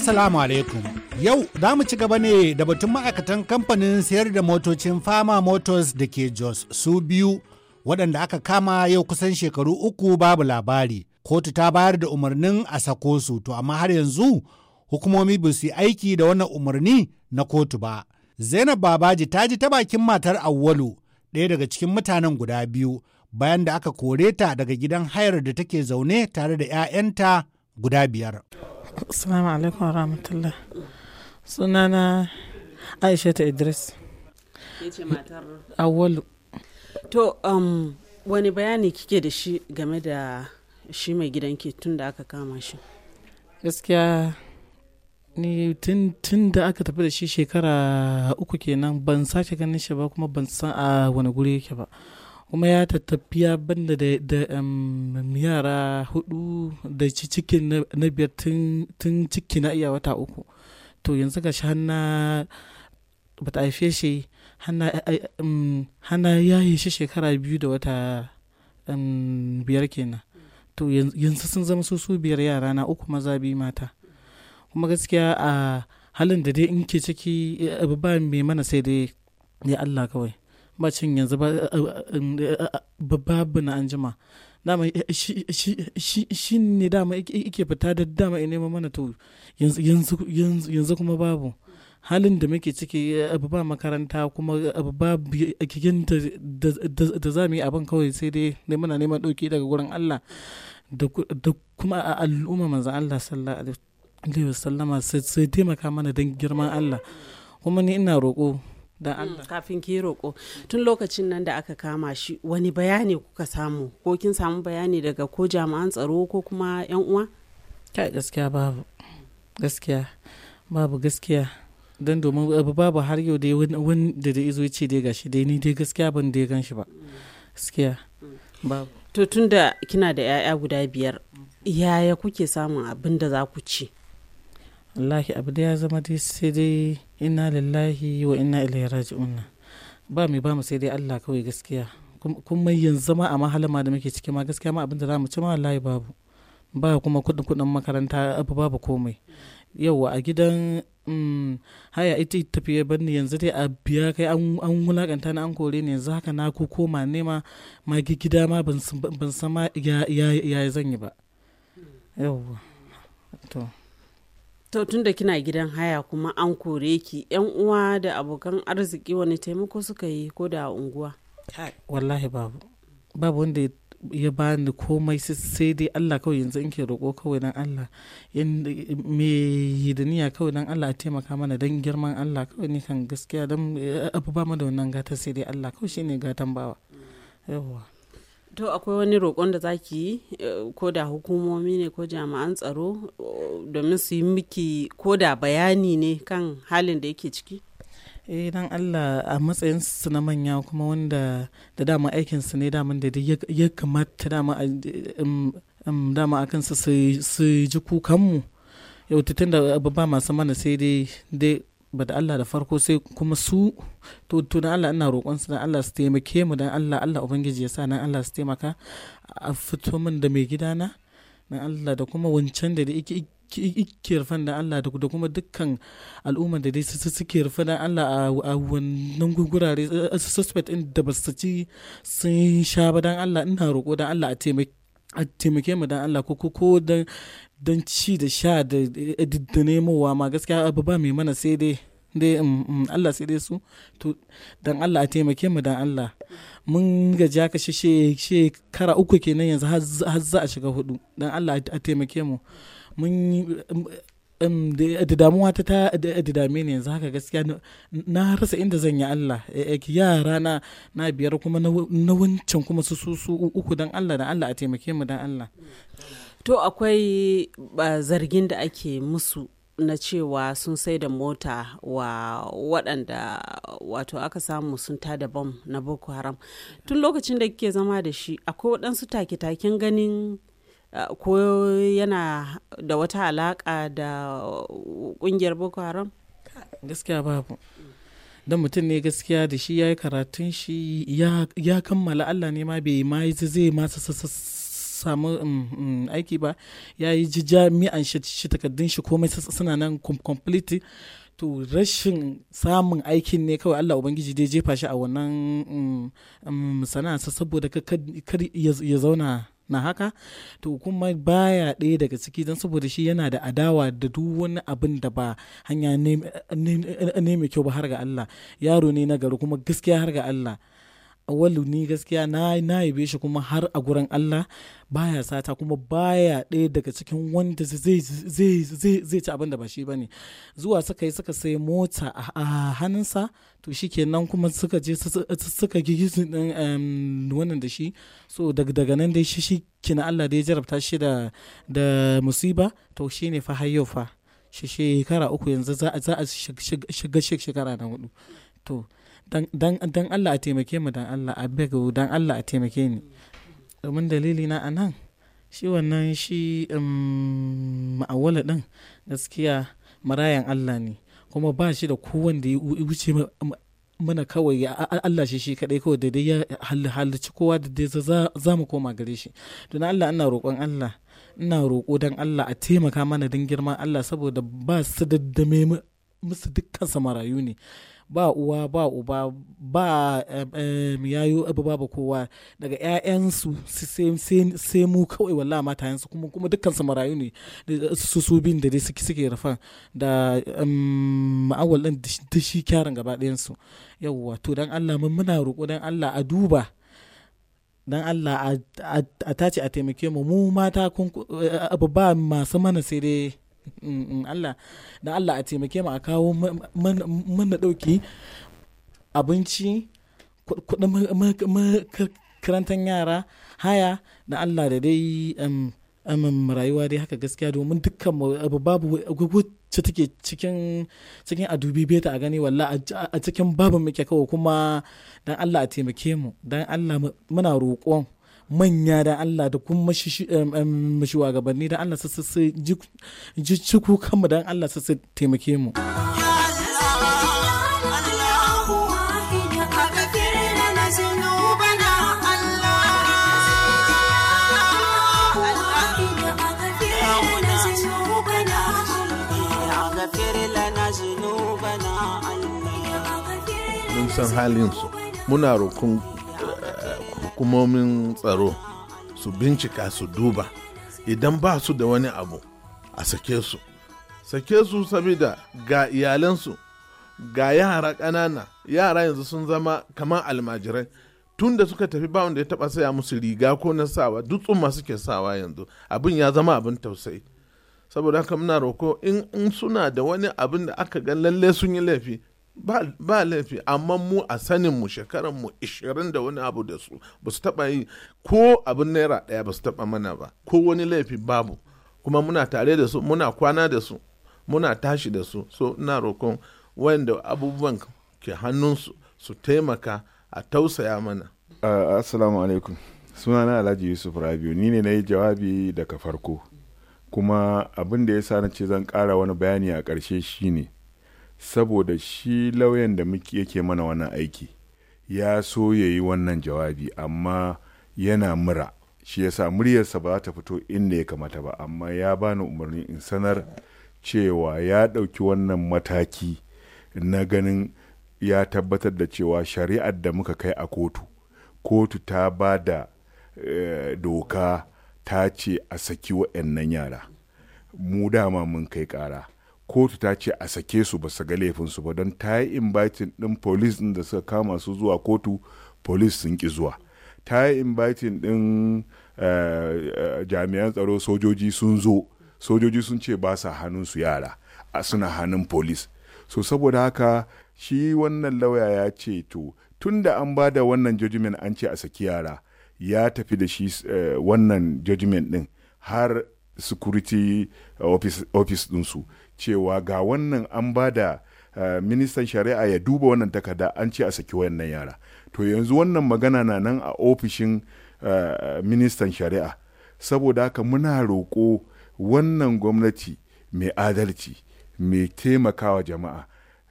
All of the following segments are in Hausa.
Assalamu alaikum. Yau za mu ci gaba ne da batun ma'aikatan kamfanin sayar da motocin Fama Motors da ke Jos su biyu waɗanda aka kama yau kusan shekaru uku babu labari. Kotu ta bayar da umarnin a sako su to amma har yanzu hukumomi ba su yi aiki da wannan umarni na kotu ba. Zainab Babaji ta ji ta bakin matar Awwalu ɗaya daga cikin mutanen guda biyu bayan da aka kore ta daga gidan hayar da take zaune tare da 'ya'yanta guda biyar. Assalamu alaikum wa rahmatullah. Sunana Aisha ta Idris. Yace To um, wani bayani kike da shi game da shi mai gidanki tun da aka kama shi? Gaskiya ni tun da aka tafi da shi shekara uku kenan ban sace ganin shi ba kuma ban san a wani guri yake ba. kuma ya tattafi ya banda da, da yara hudu da ciki cikin na biyar tun ciki na iya wata uku to yanzu ga shi hanna ba ta haife shi hana eh, eh, ya yi shi shekara biyu da wata biyar kenan to yanzu sun zama su su biyar yara na uku maza biyu mata kuma gaskiya a halin da dai in ke ciki eh, ba mai mana sai dai ya Allah kawai bacin yanzu ba babu na anjima dama eh, eh, shi ne dama ike fita da dama ya nema mana to yanzu kuma babu halin da muke ciki eh, abu ba makaranta kuma abu ba kikin da za mu yi abin kawai sai dai na neman ɗauki daga gurin Allah da kuma a al'umma manzan Allah sallallahu alaihi wasallama sai taimaka mana don girman Allah kuma ni ina roƙo da Allah mm. kafin ki roƙo tun lokacin nan da aka kama shi wani bayani kuka samu ko kin samu bayani daga ko jami'an tsaro ko kuma yan uwa kai gaskiya babu gaskiya babu gaskiya don domin abu babu har yau dai wani da da izo ce dai gashi dai ni dai gaskiya ban dai gan shi ba gaskiya babu to tun da kina da 'ya'ya guda biyar yaya kuke samun abin da za ku ci wallahi abu da ya zama dai sai dai ina lillahi wa ina ilaihi raji'un ba mai ba mu sai dai Allah kawai gaskiya kuma yanzu ma a mahalama da muke ciki ma gaskiya ma abin da mu ci ma wallahi babu ba kuma kudin kudin makaranta abu babu komai yauwa a gidan mm, haya ita tafiye banni yanzu dai a biya kai an wulakanta na an kore ne yanzu haka na ku koma nema ma gida ma ban san ma ya zan yi ba yauwa to to tun da kina gidan haya kuma an kore ki yan uwa da abokan arziki wani taimako suka yi ko da unguwa wallahi babu babu wanda ya bani komai sai dai Allah kawai yanzu in ke roƙo kawai dan Allah me hidaniya kawai dan Allah a taimaka mana dan girman Allah kawai ni kan gaskiya dan eh, abu ba mu da wannan gata sai dai Allah kawai shine gatan bawa yawwa to akwai wani roƙon da za ki yi eh, ko da hukumomi ne ko jami'an tsaro eh, domin su yi miki ko da bayani ne kan halin da yake ciki eh dan Allah a matsayin su na manya kuma wanda da dama aikin su ne daman da ya kamata dama eh, akan su su ji kukan mu yau da ba masu mana sai dai ba da Allah da farko sai kuma su to to dan Allah ina roƙon su dan Allah su taimake mu dan Allah Allah ubangiji ya sa nan Allah su taimaka a fito min da mai gidana dan Allah da kuma wancan da yake ike rufan da Allah da kuma dukkan al'ummar da dai suke rufe da Allah a wannan gurare suspect din da ba su ci sun sha ba dan Allah ina roƙo dan Allah a taimake a taimake mu dan Allah ko ko dan dan ci da sha da da nemowa ma gaskiya abu ba mai mana sai dai dai um, um, Allah sai dai su to dan Allah a taimake mu dan Allah mun gaji she shekara uku kenan yanzu har za a shiga hudu dan Allah a taimake mu mun da damuwa ta ta ne yanzu haka gaskiya na rasa inda zan yi Allah eh, eh, yara na biyar kuma na wancan kuma su su uku dan Allah dan Allah a taimake mu dan Allah to akwai zargin da ake musu na cewa sun sai da mota wa waɗanda wato aka samu sun ta da bam na boko haram tun lokacin da kike zama da shi akwai waɗansu take-taken ganin ko yana da wata alaka da kungiyar boko haram gaskiya babu don mutum ne gaskiya da shi ya yi karatun shi ya kammala allah ne ma bai ma zai masa samu um, um, aiki ba ya yi ji jami'an shi takardun shi komai suna nan complete to rashin samun aikin ne kawai Allah Ubangiji dai jefa shi a wannan um, sana'a saboda ya zauna na haka to kuma baya ɗaya daga ciki don saboda shi yana da adawa da duk wani abin da ba hanya ne mai kyau ba har ga Allah yaro ne na gari kuma gaskiya har ga Allah awalu ni gaskiya na na yabe shi kuma har a gurin Allah baya sata kuma baya ɗaya daga cikin wanda zai ci abin da ba shi bane zuwa suka yi suka sai mota a hannunsa to shi kenan kuma suka je suka gigi wannan da shi so daga nan dai shi kina Allah da ya jarabta shi da da musiba to shi ne fa hayyo fa shekara uku yanzu za a shiga shekara na hudu to dan Allah a taimake mu dan Allah a begu dan Allah a taimake ni domin dalili na anan shi wannan shi um, ma'awala din gaskiya marayan Allah ne kuma ba shi da kowanne ya wuce mana kawai Allah shi shi kadai kawai da dai ya halarci kowa da dai za mu koma gare shi don Allah ina roƙon Allah ina roƙo don Allah a taimaka mana don girman Allah saboda ba su daddame musu dukkan samarayu ne ba uwa ba uba ba yayo abu babu kowa daga 'ya'yansu sai mu kawai walla yansu kuma kuma dukkan su marayu ne su su bin da dai suke suke rafan da ma'awal din da shi kyaran gaba su yawwa to dan Allah mun muna roƙo dan Allah a duba dan Allah a tace a taimake mu mu mata eh, abu ba masu mana sai dai Mm, mm, Allah da Allah a taimake mu a kawo mana ɗauki abinci kuɗin makarantar yara haya da Allah da dai um, um, rayuwa dai haka gaskiya domin dukkan abu babu wacce take cikin cikin a dubi beta a gani walla a cikin babu muke kawo kuma dan Allah a taimake mu dan Allah muna roƙon manya da Allah da kuma shugabanni da Allah su ji ciku kanmu don Allah su taimake mu. Mun san halinsu, muna roƙon hukumomin tsaro su bincika su duba idan ba su da wani abu a sake su sake su saboda ga iyalansu ga yara ƙanana yara yanzu sun zama kamar almajirai tun da suka tafi ba wanda ya taba saya musu riga ko na sawa dutsun ma suke sawa yanzu abin ya zama abin tausayi saboda haka muna roko in, in suna da wani abin da aka ga lalle sun yi laifi ba, laifi amma mu a sanin mu shekaran mu 20 da wani abu da su ba su taba yi ko abin naira daya ba su taba mana ba ko wani laifi babu kuma muna tare da su muna kwana da su muna tashi da su so ina roƙon wanda abubuwan ke hannunsu su taimaka a tausaya mana uh, assalamu alaikum sunana alhaji yusuf rabiu ni ne na yi jawabi daga farko kuma abin da ya sa na ce zan kara wani bayani a ƙarshe shine ne saboda shi lauyan da muke yake mana wannan aiki ya so ya yi wannan jawabi amma yana mura shi ya sa muryarsa ba ta fito inda ya kamata ba amma ya bani umarni in sanar cewa ya ɗauki wannan mataki na ganin ya tabbatar da cewa shari'ar da muka kai a kotu kotu ta ba da eh, doka ta ce a saki waɗannan yara mu dama mun kai ƙara kotu ta ce a sake su ba su ga laifinsu ba don ta yi inviting ɗin polis ɗin da suka kama su zuwa kotu polis sun ki zuwa ta yi inviting ɗin eh, eh, jami'an tsaro sojoji sun zo sojoji sun ce ba sa hannun su yara a suna hannun polis so saboda haka shi wannan lauya ya ce to tun da an ba da wannan judgment an ce a saki yara ya tafi da shi eh, wannan judgment ɗin har security office, uh, office ɗinsu cewa ga wannan an ba da uh, ministan shari'a ya duba wannan takarda an ce a saki wayannan yara to yanzu wannan magana na nan a ofishin uh, ministan shari'a saboda haka muna roƙo wannan gwamnati mai adalci mai taimakawa jama'a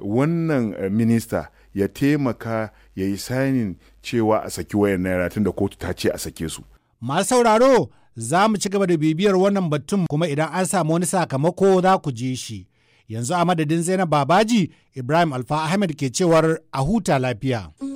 wannan uh, minista ya taimaka ya yi sainin cewa a saki wayan yara tun da kotu ta ce a sake su. Masu sauraro za mu ci gaba da bibiyar wannan batun kuma idan an samu wani sakamako za ku je shi. Yanzu a madadin Zainab Babaji, Ibrahim Alfa Ahmed ke cewar a huta lafiya. Mm.